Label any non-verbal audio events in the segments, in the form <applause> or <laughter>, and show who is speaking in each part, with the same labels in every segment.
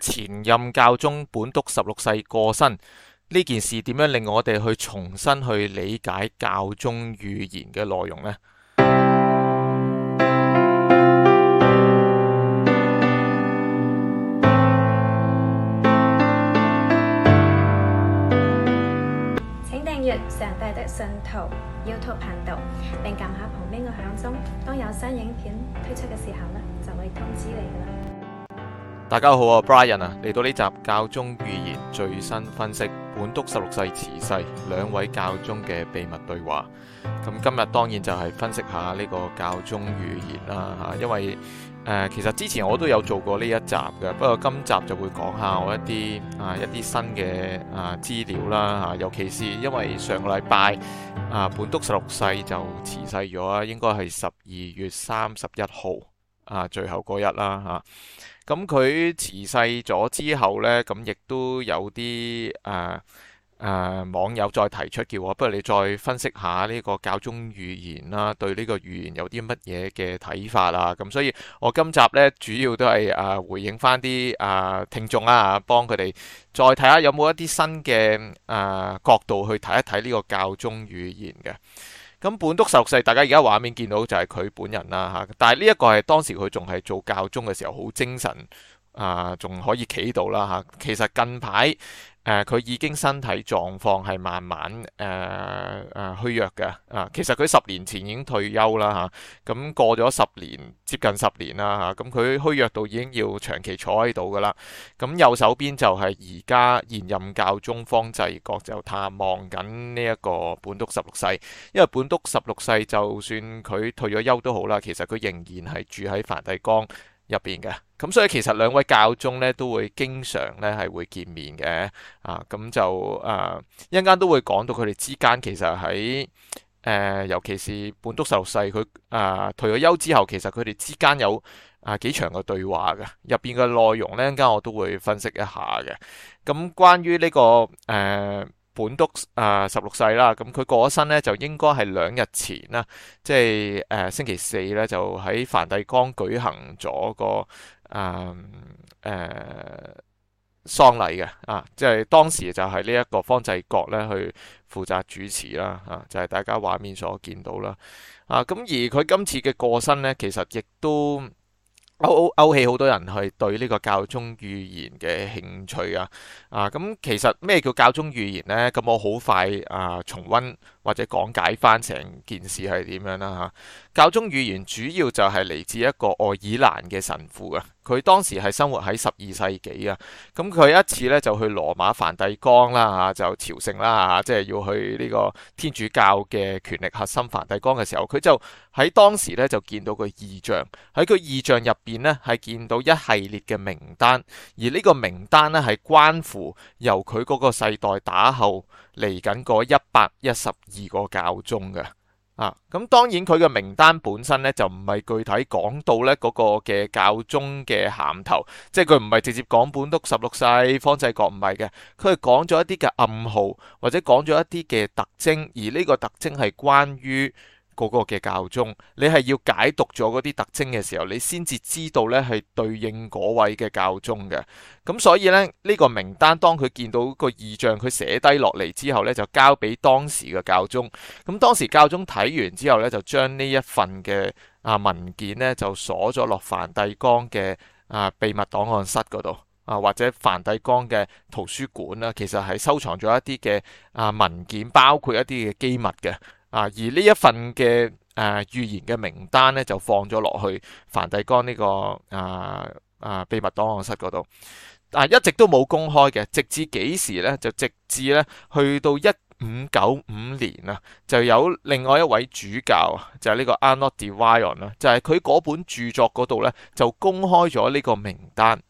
Speaker 1: 前任教宗本篤十六世過身呢件事點樣令我哋去重新去理解教宗預言嘅內容呢？請訂閱上帝的信徒 YouTube 頻道，並撳下旁邊嘅響鐘。當有新影片推出嘅時候呢就會通知你嘅啦。大家好啊，Brian 啊，嚟到呢集教宗預言最新分析，本篤十六世辭世，兩位教宗嘅秘密對話。咁今日當然就係分析下呢個教宗預言啦吓，因為誒、呃、其實之前我都有做過呢一集嘅，不過今集就會講下我一啲啊一啲新嘅啊資料啦吓，尤其是因為上個禮拜啊本篤十六世就辭世咗啊，應該係十二月三十一號。啊，最後嗰日啦嚇，咁佢辭世咗之後呢，咁亦都有啲誒誒網友再提出叫我，不如你再分析下呢個教宗預言啦，對呢個預言有啲乜嘢嘅睇法啊？咁所以，我今集呢，主要都係啊回應翻啲啊聽眾啦、啊，幫佢哋再睇下有冇一啲新嘅啊角度去睇一睇呢個教宗預言嘅。咁本篤十六世，大家而家畫面見到就係佢本人啦嚇，但係呢一個係當時佢仲係做教宗嘅時候，好精神啊，仲、呃、可以企到啦嚇。其實近排。誒，佢、呃、已經身體狀況係慢慢誒誒、呃呃、虛弱嘅啊，其實佢十年前已經退休啦吓，咁、啊、過咗十年，接近十年啦吓，咁、啊、佢虛弱到已經要長期坐喺度噶啦，咁、啊、右手邊就係而家現任教宗方濟各就探望緊呢一個本篤十六世，因為本篤十六世就算佢退咗休都好啦，其實佢仍然係住喺梵蒂岡入邊嘅。咁所以其實兩位教宗咧都會經常咧係會見面嘅，啊咁就誒一陣間都會講到佢哋之間其實喺誒、啊、尤其是本篤十六世佢誒、啊、退咗休之後，其實佢哋之間有啊幾場嘅對話嘅，入邊嘅內容咧一陣間我都會分析一下嘅。咁、啊、關於、這個啊啊、呢個誒本篤啊十六世啦，咁佢過咗身咧就應該係兩日前啦，即係誒星期四咧就喺梵蒂岡舉行咗個啊誒、嗯嗯、喪禮嘅啊，即、就、係、是、當時就係呢一個方濟各咧去負責主持啦啊，就係、是、大家畫面所見到啦啊，咁而佢今次嘅過身咧，其實亦都勾勾起好多人去對呢個教宗預言嘅興趣啊。啊，咁其實咩叫教宗預言咧？咁、啊、我好快啊重溫或者講解翻成件事係點樣啦嚇、啊？教宗預言主要就係嚟自一個愛爾蘭嘅神父啊。佢當時係生活喺十二世紀啊，咁佢一次咧就去羅馬梵蒂岡啦嚇，就朝聖啦嚇，即係要去呢個天主教嘅權力核心梵蒂岡嘅時候，佢就喺當時咧就見到個異象，喺個異象入邊咧係見到一系列嘅名單，而呢個名單咧係關乎由佢嗰個世代打後嚟緊嗰一百一十二個教宗嘅。啊，咁當然佢嘅名單本身咧就唔係具體講到咧嗰個嘅教宗嘅銜頭，即係佢唔係直接講本篤十六世、方濟各，唔係嘅，佢係講咗一啲嘅暗號或者講咗一啲嘅特徵，而呢個特徵係關於嗰個嘅教宗，你係要解讀咗嗰啲特徵嘅時候，你先至知道呢係對應嗰位嘅教宗嘅。咁所以呢，呢、呢個名單，當佢見到個異象，佢寫低落嚟之後呢，就交俾當時嘅教宗。咁當時教宗睇完之後呢，就將呢一份嘅啊文件呢，就鎖咗落梵蒂岡嘅啊秘密檔案室嗰度啊，或者梵蒂岡嘅圖書館啦，其實係收藏咗一啲嘅啊文件，包括一啲嘅機密嘅。啊！而呢一份嘅誒預言嘅名單咧，就放咗落去梵蒂岡呢、這個啊啊、呃呃、秘密檔案室嗰度，啊一直都冇公開嘅，直至幾時呢？就直至呢，直至呢去到一五九五年啊，就有另外一位主教啊，就係、是、呢個 Arnold de Wion 啦，就係佢嗰本著作嗰度呢，就公開咗呢個名單。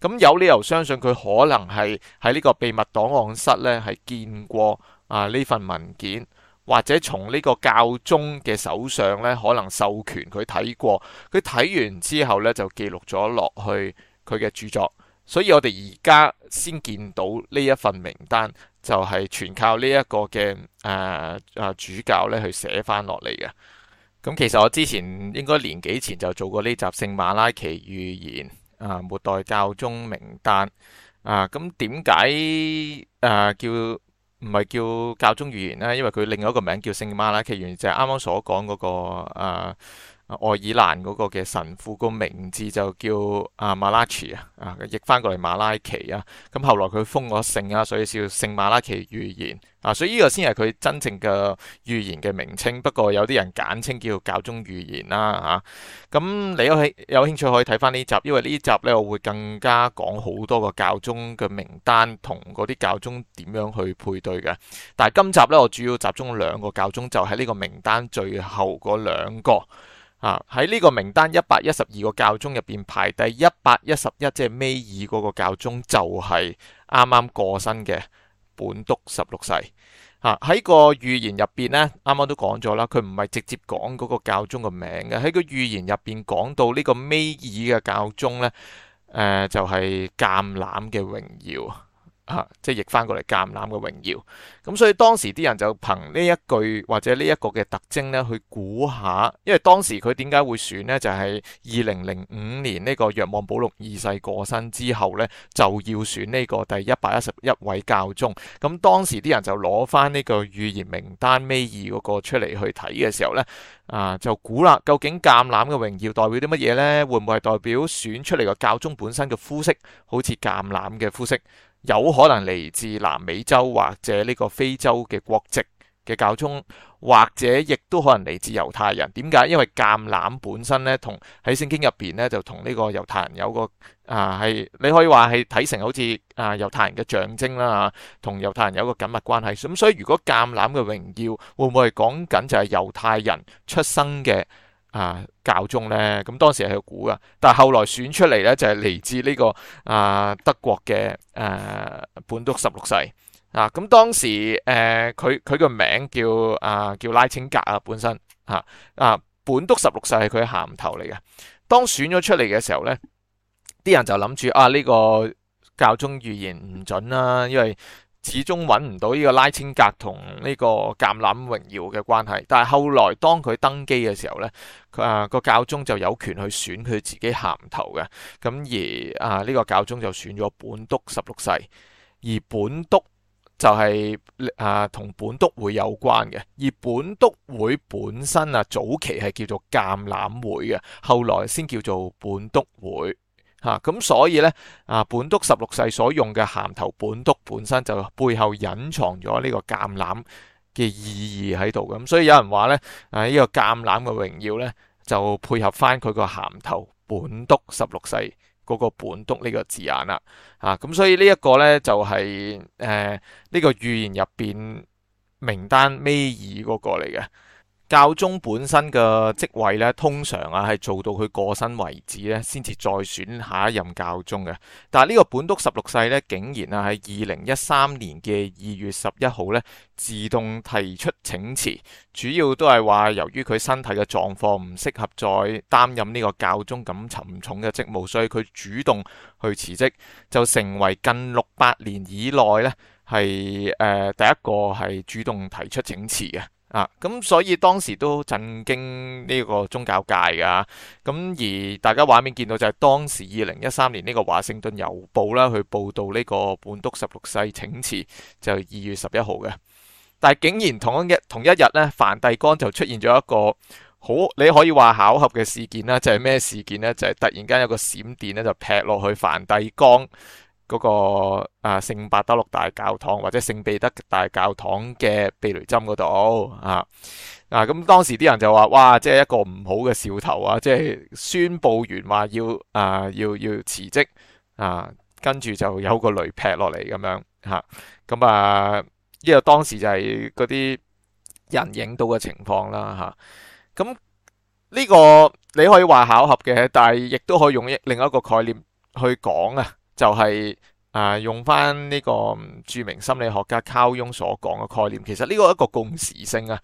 Speaker 1: 咁有理由相信佢可能係喺呢個秘密檔案室呢，係見過啊呢、呃、份文件。或者從呢個教宗嘅手上呢，可能授權佢睇過，佢睇完之後呢，就記錄咗落去佢嘅著作，所以我哋而家先見到呢一份名單，就係、是、全靠呢一個嘅誒誒主教呢去寫翻落嚟嘅。咁、嗯、其實我之前應該年幾前就做過呢集《聖馬拉奇預言》啊、呃、末代教宗名單啊，咁點解啊叫？唔係叫教宗預言啦，因為佢另外一個名叫聖馬拉奇。其原就係啱啱所講嗰、那個啊。呃愛爾蘭嗰個嘅神父個名字就叫阿馬拉奇啊，啊譯翻過嚟馬拉奇啊。咁後來佢封咗聖啊，所以叫聖馬拉奇預言啊。所以呢個先係佢真正嘅預言嘅名稱。不過有啲人簡稱叫教宗預言啦嚇。咁你有興有興趣可以睇翻呢集，因為呢集呢，我會更加講好多個教宗嘅名單同嗰啲教宗點樣去配對嘅。但係今集呢，我主要集中兩個教宗，就喺、是、呢個名單最後嗰兩個。啊！喺呢個名單一百一十二個教宗入邊排第一百一十一，即係尾二嗰個教宗就係啱啱過身嘅本篤十六世。啊！喺個預言入邊咧，啱啱都講咗啦，佢唔係直接講嗰個教宗嘅名嘅，喺個預言入邊講到呢個尾二嘅教宗咧，誒、呃、就係、是、橄欖嘅榮耀。啊！即係譯翻過嚟橄欖嘅榮耀，咁所以當時啲人就憑呢一句或者呢一個嘅特徵咧，去估下，因為當時佢點解會選呢？就係二零零五年呢個若望保祿二世過身之後咧，就要選呢個第一百一十一位教宗。咁當時啲人就攞翻呢個預言名單尾二嗰個出嚟去睇嘅時候咧，啊，就估啦，究竟橄欖嘅榮耀代表啲乜嘢呢？會唔會係代表選出嚟個教宗本身嘅膚色好似橄欖嘅膚色？有可能嚟自南美洲或者呢個非洲嘅國籍嘅教宗，或者亦都可能嚟自猶太人。點解？因為橄欖本身咧，同喺聖經入邊咧，就同呢個猶太人有個啊，係你可以話係睇成好似啊猶太人嘅象徵啦嚇，同猶太人有個緊密關係。咁所以如果橄欖嘅榮耀，會唔會係講緊就係猶太人出生嘅？啊，教宗咧，咁當時係去估噶，但係後來選出嚟咧就係、是、嚟自呢、這個啊德國嘅誒、啊、本篤十六世啊，咁當時誒佢佢個名叫啊叫拉青格啊本身嚇啊本篤十六世係佢嘅銜頭嚟嘅，當選咗出嚟嘅時候咧，啲人就諗住啊呢、這個教宗預言唔準啦、啊，因為。始終揾唔到呢個拉青格同呢個橄欖榮耀嘅關係，但係後來當佢登基嘅時候咧，啊個教宗就有權去選佢自己銜頭嘅，咁而啊呢個教宗就選咗本篤十六世，而本篤就係啊同本篤會有關嘅，而本篤會本身啊早期係叫做橄欖會嘅，後來先叫做本篤會。吓咁、啊、所以咧啊，本篤十六世所用嘅銜頭本篤本身就背後隱藏咗呢個橄欖嘅意義，喺度咁，所以有人話咧啊，呢、這個橄欖嘅榮耀咧就配合返佢個銜頭本篤十六世嗰個本篤呢個字眼啦，啊咁所以呢一、就是呃這個咧就係誒呢個預言入邊名單尾二嗰個嚟嘅。教宗本身嘅職位咧，通常啊係做到佢過身為止咧，先至再選下一任教宗嘅。但係呢個本篤十六世咧，竟然啊喺二零一三年嘅二月十一號咧，自動提出請辭，主要都係話由於佢身體嘅狀況唔適合再擔任呢個教宗咁沉重嘅職務，所以佢主動去辭職，就成為近六百年以內咧係誒第一個係主動提出請辭嘅。啊，咁所以當時都震驚呢個宗教界噶，咁、啊、而大家畫面見到就係當時二零一三年呢個華盛頓郵報啦，去報道呢個本篤十六世請辭就二月十一號嘅。但係竟然同一日同一日呢，梵蒂岡就出現咗一個好，你可以話巧合嘅事件啦，就係、是、咩事件呢？就係、是、突然間有個閃電呢，就劈落去梵蒂岡。嗰個啊聖伯多祿大教堂或者聖彼得大教堂嘅避雷針嗰度啊，啊咁、啊、當時啲人就話：哇，即係一個唔好嘅兆頭啊！即係宣佈完話要啊要要辭職啊，跟住、啊、就有個雷劈落嚟咁樣嚇咁啊。呢、啊這個當時就係嗰啲人影到嘅情況啦嚇。咁、啊、呢、啊啊這個你可以話巧合嘅，但係亦都可以用另一個概念去講啊。就係、是、啊、呃，用翻呢、這個著名心理學家卡翁所講嘅概念，其實呢個一個共時性啊，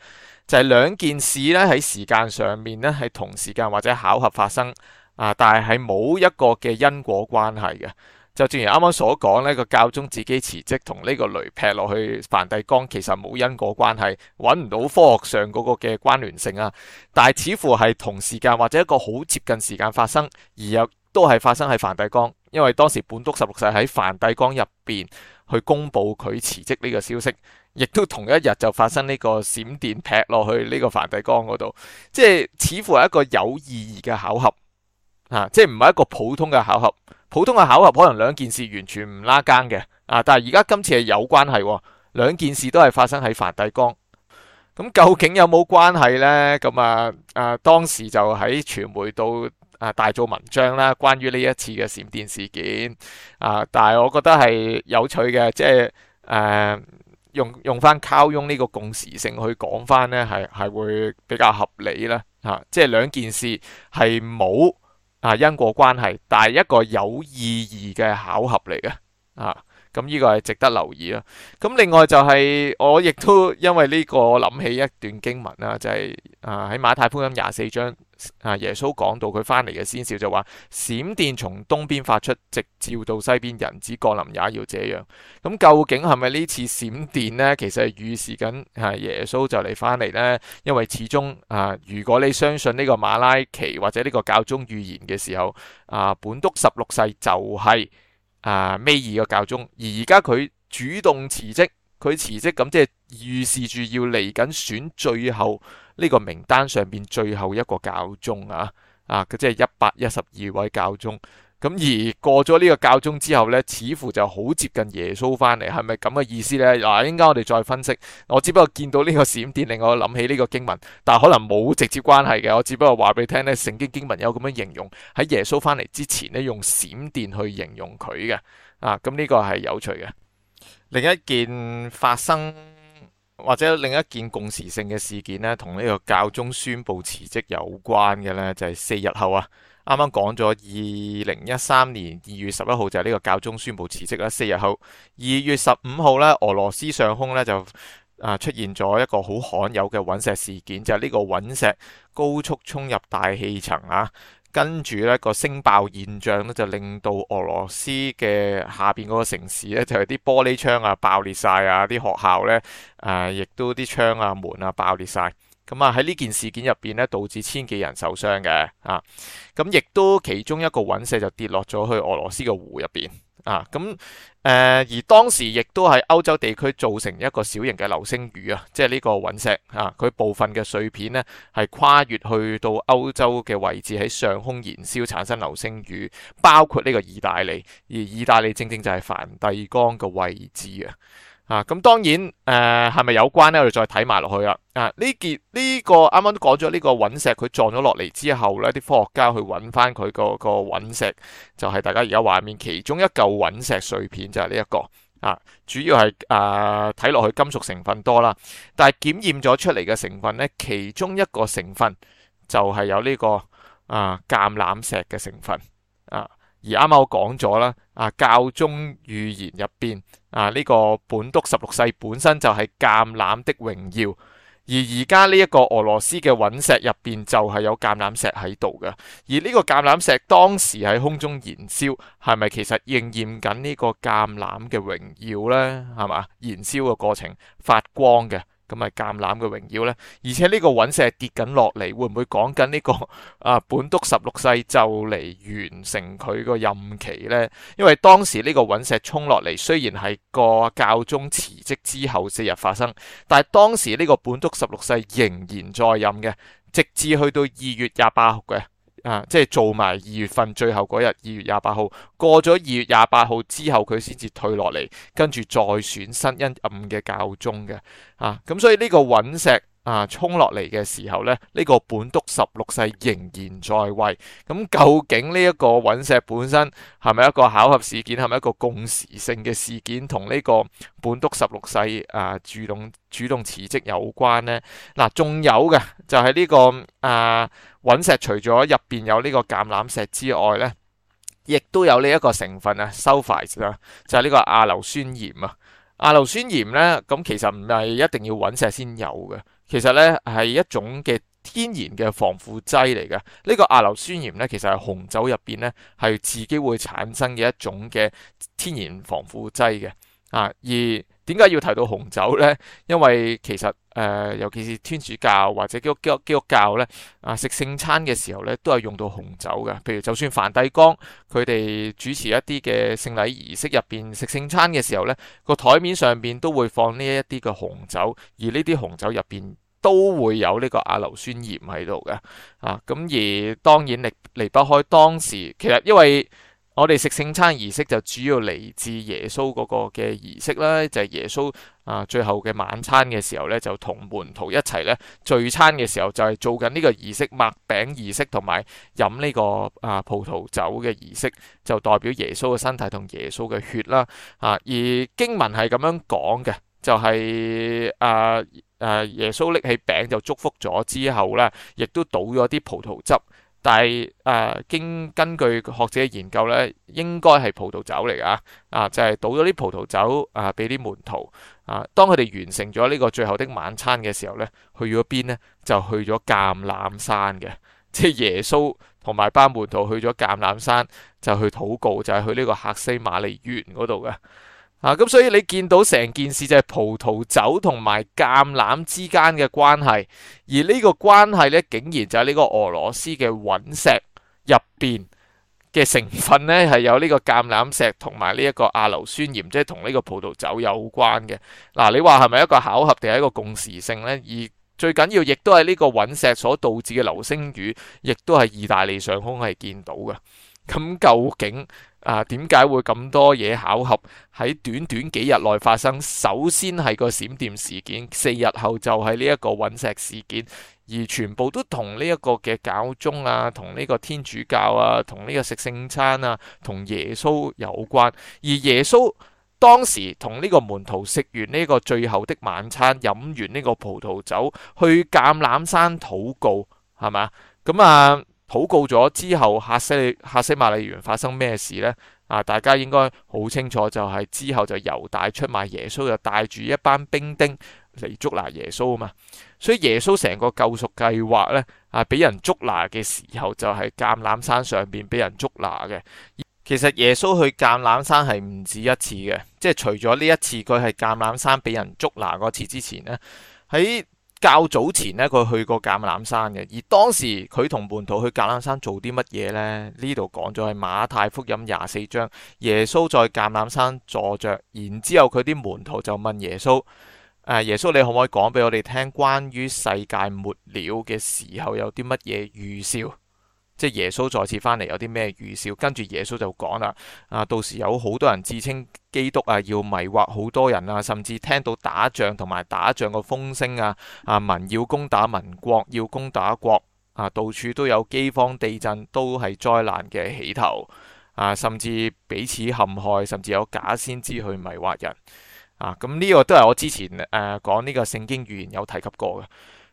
Speaker 1: 就係、是、兩件事咧喺時間上面咧係同時間或者巧合發生啊，但係冇一個嘅因果關係嘅。就正如啱啱所講呢、這個教宗自己辭職同呢個雷劈落去梵蒂岡其實冇因果關係，揾唔到科學上嗰個嘅關聯性啊。但係似乎係同時間或者一個好接近時間發生，而又都係發生喺梵蒂岡。因為當時本篤十六世喺梵蒂岡入邊去公布佢辭職呢個消息，亦都同一日就發生呢個閃電劈落去呢個梵蒂岡嗰度，即係似乎係一個有意義嘅巧合，啊，即係唔係一個普通嘅巧合，普通嘅巧合可能兩件事完全唔拉更嘅，啊，但係而家今次係有關係，兩件事都係發生喺梵蒂岡，咁究竟有冇關係呢？咁啊啊當時就喺傳媒度。啊！大做文章啦，關於呢一次嘅閃電事件啊，但係我覺得係有趣嘅，即係誒、啊、用用翻靠擁呢個共時性去講翻咧，係係會比較合理啦嚇、啊。即係兩件事係冇啊因果關係，但係一個有意義嘅巧合嚟嘅啊。咁呢個係值得留意啦。咁另外就係、是、我亦都因為呢個諗起一段經文啦，就係、是、啊喺馬太福音廿四章。啊！耶穌講到佢翻嚟嘅先兆就話：閃電從東邊發出，直照到西邊，人子降臨也要這樣。咁究竟係咪呢次閃電呢？其實係預示緊啊！耶穌就嚟翻嚟呢？因為始終啊、呃，如果你相信呢個馬拉奇或者呢個教宗預言嘅時候啊、呃，本篤十六世就係啊尾二個教宗，而而家佢主動辭職，佢辭職咁即係。預示住要嚟緊選最後呢個名單上邊最後一個教宗啊，啊，佢即係一百一十二位教宗。咁而過咗呢個教宗之後呢，似乎就好接近耶穌翻嚟，係咪咁嘅意思呢？嗱，應該我哋再分析。我只不過見到呢個閃電，令我諗起呢個經文，但可能冇直接關係嘅。我只不過話俾你聽呢，聖經經文有咁樣形容喺耶穌翻嚟之前呢，用閃電去形容佢嘅。啊，咁、這、呢個係有趣嘅。另一件發生。或者另一件共時性嘅事件呢，同呢個教宗宣布辭職有關嘅呢，就係、是、四日後啊，啱啱講咗，二零一三年二月十一號就係呢個教宗宣布辭職啦。四日後，二月十五號呢，俄羅斯上空呢，就啊出現咗一個好罕有嘅隕石事件，就係、是、呢個隕石高速衝入大氣層啊。跟住咧、呢個聲爆現象咧，就令到俄羅斯嘅下邊嗰個城市咧，就係、是、啲玻璃窗啊爆裂晒啊，啲學校咧誒，亦都啲窗啊門啊爆裂晒。咁啊喺呢件事件入邊咧，導致千幾人受傷嘅啊，咁亦都其中一個隕石就跌落咗去俄羅斯個湖入邊。啊，咁誒而當時亦都喺歐洲地區造成一個小型嘅流星雨啊，即係呢個隕石啊，佢部分嘅碎片呢，係跨越去到歐洲嘅位置，喺上空燃燒，產生流星雨，包括呢個意大利，而意大利正正就係梵蒂岡嘅位置啊。啊，咁當然，誒係咪有關咧？我哋再睇埋落去啊！啊，呢件呢個啱啱講咗呢個隕石，佢撞咗落嚟之後咧，啲科學家去揾翻佢個個隕石，就係大家而家畫面其中一嚿隕石碎片就係呢一個。啊，主要係誒睇落去金屬成分多啦，但係檢驗咗出嚟嘅成分咧，其中一個成分就係有呢個啊橄欖石嘅成分。而啱啱我講咗啦，啊教宗預言入邊啊呢、這個本篤十六世本身就係橄欖的榮耀，而而家呢一個俄羅斯嘅隕石入邊就係有橄欖石喺度嘅，而呢個橄欖石當時喺空中燃燒，係咪其實應驗緊呢個橄欖嘅榮耀呢？係嘛，燃燒嘅過程發光嘅。咁咪橄欖嘅榮耀呢？而且呢個隕石跌緊落嚟，會唔會講緊呢個啊本篤十六世就嚟完成佢個任期呢？因為當時呢個隕石衝落嚟，雖然係個教宗辭職之後四日發生，但係當時呢個本篤十六世仍然在任嘅，直至去到二月廿八號嘅。啊！即係做埋二月份最後嗰日，二月廿八號，過咗二月廿八號之後，佢先至退落嚟，跟住再選新一任嘅教宗嘅啊！咁、啊、所以呢個隕石。啊，衝落嚟嘅時候呢，呢、這個本篤十六世仍然在位。咁、啊、究竟呢一個隕石本身係咪一個巧合事件，係咪一個共時性嘅事件，同呢個本篤十六世啊主動主動辭職有關呢？嗱、啊，仲有嘅就係、是、呢、這個啊隕石除咗入邊有呢個橄欖石之外呢，亦都有呢一個成分啊，sulfite 就係、是、呢個亞硫酸鹽啊。亞硫酸鹽咧，咁其實唔係一定要揾石先有嘅，其實咧係一種嘅天然嘅防腐劑嚟嘅。呢個亞硫酸鹽咧，其實係紅酒入邊咧係自己會產生嘅一種嘅天然防腐劑嘅。啊，而點解要提到紅酒咧？因為其實誒、呃，尤其是天主教或者基督基督教呢，啊，食聖餐嘅時候呢、啊、都係用到紅酒嘅。譬如，就算梵蒂岡佢哋主持一啲嘅聖禮儀式入邊食聖餐嘅時候，呢個台面上邊都會放呢一啲嘅紅酒，而呢啲紅酒入邊都會有呢個亞硫酸鹽喺度嘅。啊，咁而當然離離不開當時，其實因為。我哋食聖餐儀式就主要嚟自耶穌嗰個嘅儀式啦，就係、是、耶穌啊、呃、最後嘅晚餐嘅時候咧，就同門徒一齊咧聚餐嘅時候，就係做緊呢個儀式，擘餅儀式同埋飲呢個啊、呃、葡萄酒嘅儀式，就代表耶穌嘅身體同耶穌嘅血啦。啊，而經文係咁樣講嘅，就係啊啊耶穌拎起餅就祝福咗之後咧，亦都倒咗啲葡萄汁。但係誒、呃，經根據學者研究咧，應該係葡萄酒嚟嘅啊！就係、是、倒咗啲葡萄酒啊，俾啲門徒啊。當佢哋完成咗呢個最後的晚餐嘅時候咧，去咗邊咧？就去咗橄欖山嘅，即係耶穌同埋班門徒去咗橄欖山，就去禱告，就係、是、去呢個客西馬利園嗰度嘅。嗱，咁、啊、所以你見到成件事就係葡萄酒同埋橄欖之間嘅關係，而呢個關係咧，竟然就係呢個俄羅斯嘅隕石入邊嘅成分呢係有呢個橄欖石同埋呢一個亞硫酸鹽，即係同呢個葡萄酒有關嘅。嗱、啊，你話係咪一個巧合定係一個共時性呢？而最緊要，亦都係呢個隕石所導致嘅流星雨，亦都係意大利上空係見到嘅。咁、啊、究竟？啊，點解會咁多嘢巧合喺短短幾日內發生？首先係個閃電事件，四日後就係呢一個隕石事件，而全部都同呢一個嘅教宗啊，同呢個天主教啊，同呢個食聖餐啊，同耶穌有關。而耶穌當時同呢個門徒食完呢個最後的晚餐，飲完呢個葡萄酒，去橄欖山禱告，係嘛？咁啊～禱告咗之後，客西、客西馬尼園發生咩事呢？啊，大家應該好清楚，就是，就係之後就猶大出賣耶穌，就帶住一班兵丁嚟捉拿耶穌啊嘛。所以耶穌成個救贖計劃呢，啊，俾人捉拿嘅時候就係、是、橄欖山上邊俾人捉拿嘅。其實耶穌去橄欖山係唔止一次嘅，即係除咗呢一次佢係橄欖山俾人捉拿嗰次之前呢。喺。較早前呢，佢去過橄欖山嘅，而當時佢同門徒去橄欖山做啲乜嘢呢？呢度講咗係馬太福音廿四章，耶穌在橄欖山坐着，然之後佢啲門徒就問耶穌：啊，耶穌，你可唔可以講俾我哋聽，關於世界末了嘅時候有啲乜嘢預兆？即耶穌再次返嚟有啲咩預兆？跟住耶穌就講啦，啊，到時有好多人自稱基督啊，要迷惑好多人啊，甚至聽到打仗同埋打仗嘅風聲啊，啊，民要攻打民，國要攻打國啊，到處都有饑荒、地震，都係災難嘅起頭啊，甚至彼此陷害，甚至有假先知去迷惑人啊。咁、這、呢個都係我之前誒講呢個聖經預言有提及過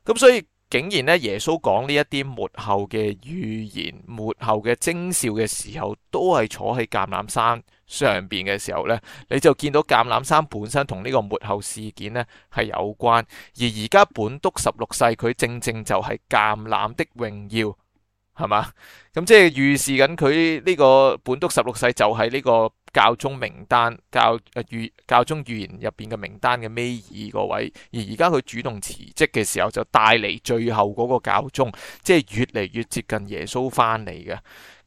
Speaker 1: 嘅。咁所以。竟然咧，耶穌講呢一啲末後嘅預言、末後嘅徵兆嘅時候，都係坐喺橄欖山上邊嘅時候咧，你就見到橄欖山本身同呢個末後事件咧係有關。而而家本篤十六世佢正正就係橄欖的榮耀。係嘛？咁即係預示緊佢呢個本篤十六世就係呢個教宗名單教誒預教宗預言入邊嘅名單嘅尾二個位，而而家佢主動辭職嘅時候，就帶嚟最後嗰個教宗，即係越嚟越接近耶穌翻嚟嘅。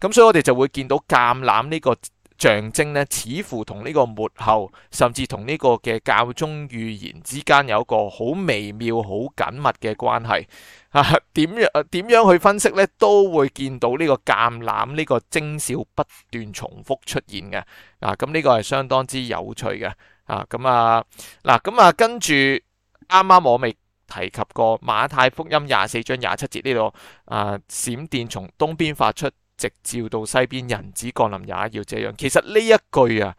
Speaker 1: 咁所以我哋就會見到橄欖呢、這個。象徵呢，似乎同呢個末後，甚至同呢個嘅教宗預言之間有一個好微妙、好緊密嘅關係。啊，點樣點樣去分析呢？都會見到呢個橄欖、呢個徵兆不斷重複出現嘅。啊，咁、這、呢個係相當之有趣嘅。啊，咁啊，嗱、啊，咁啊，跟住啱啱我未提及過馬太福音廿四章廿七節呢度，啊，閃電從東邊發出。直照到西邊，人子降臨也要這樣。其實呢一句啊，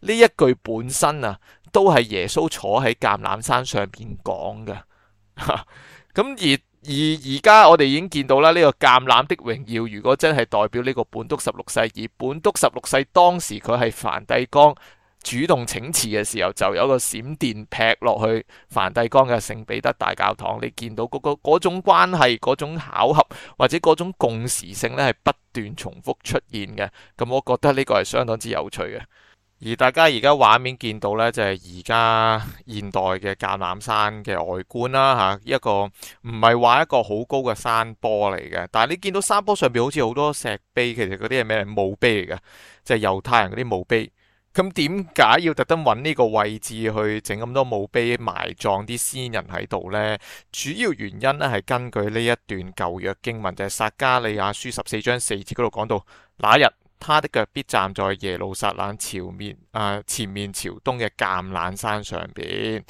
Speaker 1: 呢一句本身啊，都係耶穌坐喺橄欖山上邊講嘅。咁 <laughs> 而而而家我哋已經見到啦，呢、這個橄欖的榮耀，如果真係代表呢個本篤十六世，而本篤十六世當時佢係梵蒂岡主動請辭嘅時候，就有個閃電劈落去梵蒂岡嘅聖彼得大教堂。你見到嗰、那個嗰種關係、嗰種巧合或者嗰種共時性呢，係不？段重複出現嘅，咁我覺得呢個係相當之有趣嘅。而大家而家畫面見到呢，就係而家現代嘅橄欖山嘅外觀啦，嚇一個唔係話一個好高嘅山坡嚟嘅，但係你見到山坡上面好似好多石碑，其實嗰啲係咩？墓碑嚟嘅，就係猶太人嗰啲墓碑。咁點解要特登搵呢個位置去整咁多墓碑埋葬啲先人喺度呢？主要原因咧係根據呢一段舊約經文，就係、是、撒加利亞書十四章四節嗰度講到，那日他的腳必站在耶路撒冷朝面啊、呃、前面朝東嘅橄欖山上邊，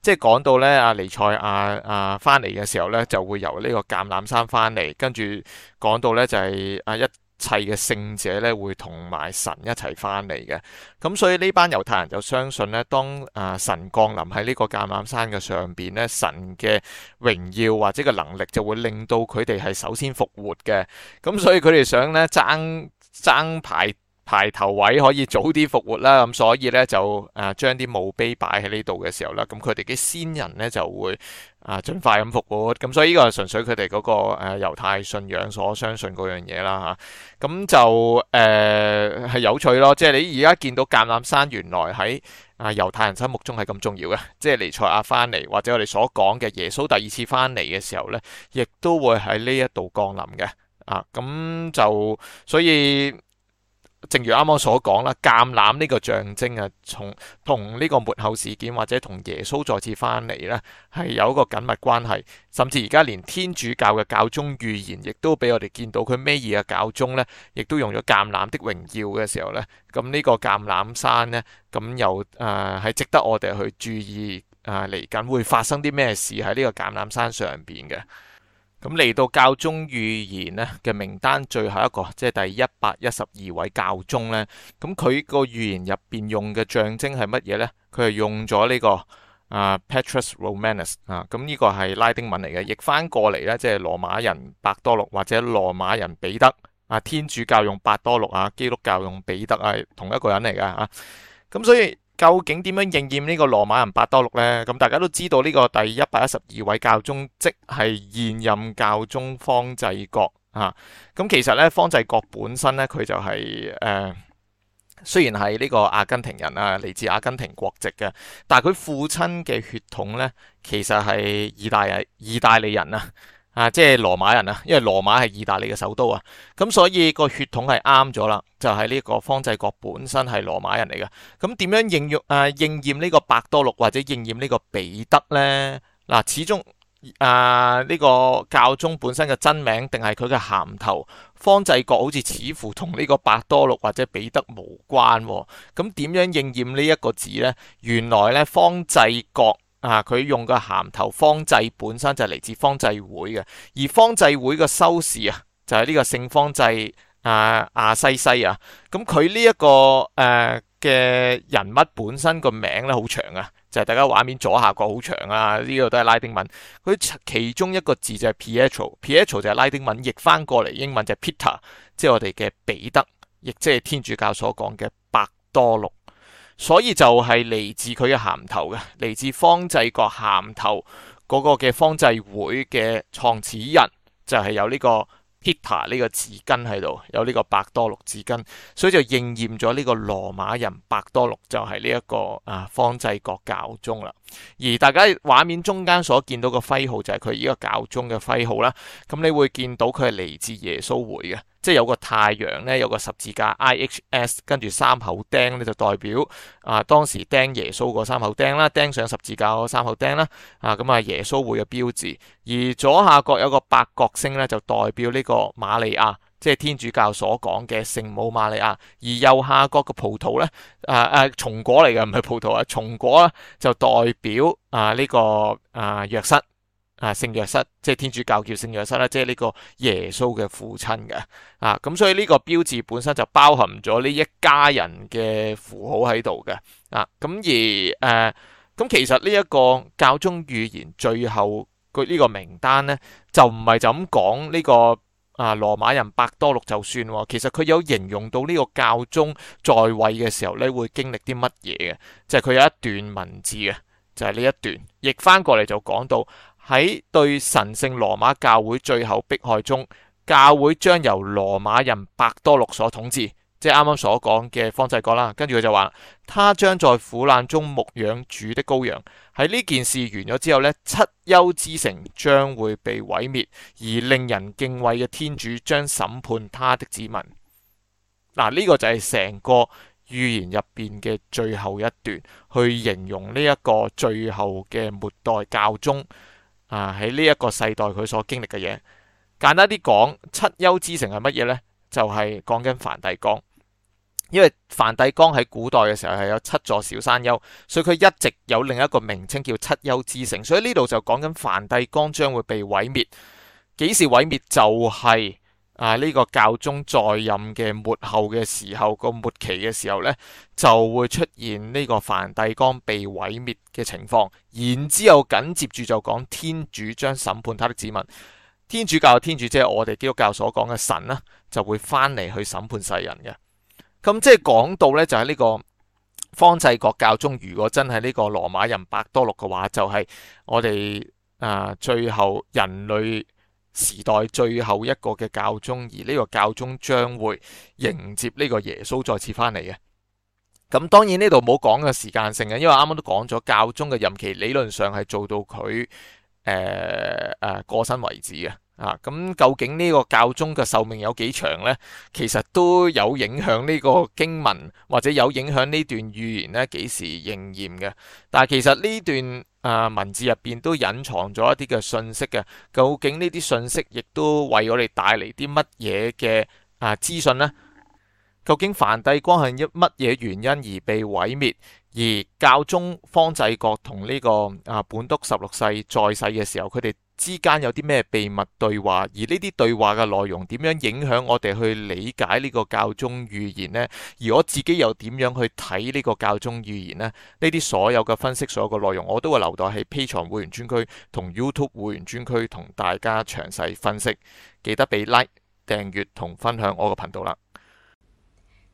Speaker 1: 即係講到呢，阿尼賽亞啊翻嚟嘅時候呢，就會由呢個橄欖山翻嚟，跟住講到呢，就係、是、啊一，一切嘅聖者咧會同埋神一齊翻嚟嘅，咁所以呢班猶太人就相信咧，當啊神降臨喺呢個橄欖山嘅上邊咧，神嘅榮耀或者個能力就會令到佢哋係首先復活嘅，咁所以佢哋想咧爭爭牌。排頭位可以早啲復活啦，咁所以咧就誒將啲墓碑擺喺呢度嘅時候啦，咁佢哋嘅先人咧就會啊盡快咁復活，咁所以呢個係純粹佢哋嗰個誒猶太信仰所相信嗰樣嘢啦嚇，咁就誒係、呃、有趣咯，即係你而家見到橄欖山原來喺啊猶太人心目中係咁重要嘅，即係尼塞亞翻嚟或者我哋所講嘅耶穌第二次翻嚟嘅時候咧，亦都會喺呢一度降臨嘅，啊咁就所以。正如啱啱所講啦，橄欖呢個象徵啊，從同呢個末後事件或者同耶穌再次翻嚟呢，係有一個緊密關係。甚至而家連天主教嘅教宗預言，亦都俾我哋見到佢咩嘢嘅教宗呢，亦都用咗橄欖的榮耀嘅時候呢。咁、這、呢個橄欖山呢，咁又誒係、呃、值得我哋去注意啊，嚟緊會發生啲咩事喺呢個橄欖山上邊嘅。咁嚟到教宗預言咧嘅名單最後一個，即係第一百一十二位教宗咧。咁佢個預言入邊用嘅象徵係乜嘢咧？佢係用咗呢、這個啊 Petrus Romanus 啊。咁呢、啊這個係拉丁文嚟嘅，譯翻過嚟咧，即係羅馬人伯多祿或者羅馬人彼得啊。天主教用伯多祿啊，基督教用彼得啊，同一個人嚟噶吓。咁、啊啊、所以。究竟點樣認驗呢個羅馬人八多六呢？咁大家都知道呢個第一百一十二位教宗，即係現任教宗方濟各啊。咁其實呢，方濟各本身呢，佢就係、是、誒、呃，雖然係呢個阿根廷人啊，嚟自阿根廷國籍嘅，但係佢父親嘅血統呢，其實係意大利意大利人啊。啊，即係羅馬人啊，因為羅馬係意大利嘅首都啊，咁所以個血統係啱咗啦，就係、是、呢個方濟各本身係羅馬人嚟嘅。咁、啊、點樣應驗啊？應驗呢個百多祿或者應驗呢個彼得呢？嗱、啊，始終啊，呢、這個教宗本身嘅真名定係佢嘅銜頭方濟各，好似似乎同呢個百多祿或者彼得無關喎、啊。咁、啊、點樣應驗呢一個字呢？原來呢方濟各。啊！佢用嘅銜頭方濟本身就係嚟自方濟會嘅，而方濟會嘅修士啊，就係、是、呢個聖方濟啊亞西西啊。咁佢呢一個誒嘅、啊、人物本身個名咧好長啊，就係、是、大家畫面左下角好長啊，呢個都係拉丁文。佢其中一個字就係 Pietro，Pietro 就係拉丁文，譯翻過嚟英文就係 Peter，即係我哋嘅彼得，亦即係天主教所講嘅百多祿。所以就係嚟自佢嘅銜頭嘅，嚟自方濟各銜頭嗰個嘅方濟會嘅創始人就係、是、有呢個 Peter 呢個字根喺度，有呢個百多祿字根，所以就應驗咗呢個羅馬人百多祿就係呢一個啊方濟各教宗啦。而大家喺畫面中間所見到個徽號就係佢呢個教宗嘅徽號啦，咁你會見到佢係嚟自耶穌會嘅。即係有個太陽咧，有個十字架 IHS，跟住三口釘咧就代表啊當時釘耶穌個三口釘啦，釘上十字架個三口釘啦，啊咁啊耶穌會嘅標誌。而左下角有個八角星咧，就代表呢個瑪利亞，即係天主教所講嘅聖母瑪利亞。而右下角個葡萄咧，啊啊松果嚟嘅，唔係葡萄啊，松果就代表啊呢、這個啊約瑟。藥室啊，聖約瑟即係天主教叫聖約瑟啦，即係呢個耶穌嘅父親嘅啊。咁所以呢個標誌本身就包含咗呢一家人嘅符號喺度嘅啊。咁而誒，咁、啊、其實呢一個教宗預言最後佢呢個名單呢，就唔係就咁講呢個啊羅馬人伯多祿就算。其實佢有形容到呢個教宗在位嘅時候咧會經歷啲乜嘢嘅，就係、是、佢有一段文字嘅，就係、是、呢一段譯翻過嚟就講到。喺對神聖羅馬教會最後迫害中，教會將由羅馬人伯多禄所統治，即係啱啱所講嘅方濟各啦。跟住佢就話，他將在苦難中牧養主的羔羊。喺呢件事完咗之後呢，七丘之城將會被毀滅，而令人敬畏嘅天主將審判他的子民。嗱，呢個就係成個預言入邊嘅最後一段，去形容呢一個最後嘅末代教宗。啊！喺呢一個世代佢所經歷嘅嘢，簡單啲講，七丘之城係乜嘢呢？就係講緊梵蒂岡，因為梵蒂岡喺古代嘅時候係有七座小山丘，所以佢一直有另一個名稱叫七丘之城。所以呢度就講緊梵蒂岡將會被毀滅，幾時毀滅就係、是。啊！呢、這個教宗在任嘅末後嘅時候，個末期嘅時候呢，就會出現呢個梵蒂岡被毀滅嘅情況。然之後緊接住就講天主將審判他的子民。天主教天主即係我哋基督教所講嘅神啦、啊，就會翻嚟去審判世人嘅。咁、嗯、即係講到呢，就係、是、呢個方濟各教宗，如果真係呢個羅馬人伯多祿嘅話，就係、是、我哋啊最後人類。時代最後一個嘅教宗，而呢個教宗將會迎接呢個耶穌再次返嚟嘅。咁當然呢度冇講嘅時間性嘅，因為啱啱都講咗教宗嘅任期理論上係做到佢誒誒過身為止嘅。啊，咁究竟呢個教宗嘅壽命有幾長呢？其實都有影響呢個經文或者有影響呢段預言呢幾時應驗嘅。但係其實呢段。啊！文字入邊都隱藏咗一啲嘅信息嘅，究竟呢啲信息亦都為我哋帶嚟啲乜嘢嘅啊資訊呢？究竟梵蒂岡係一乜嘢原因而被毀滅？而教宗方濟各同呢個啊本篤十六世在世嘅時候，佢哋之間有啲咩秘密對話，而呢啲對話嘅內容點樣影響我哋去理解呢個教宗預言呢？而我自己又點樣去睇呢個教宗預言呢？呢啲所有嘅分析，所有嘅內容我都會留待喺 Patreon 會員專區同 YouTube 會員專區同大家詳細分析。記得俾 like、訂閱同分享我個頻道啦！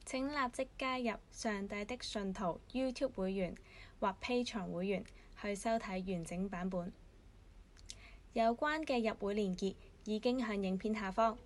Speaker 1: 請立即加入上帝的信徒 YouTube 會員或 Patreon 會員去收睇完整版本。有關嘅入會連結已經向影片下方。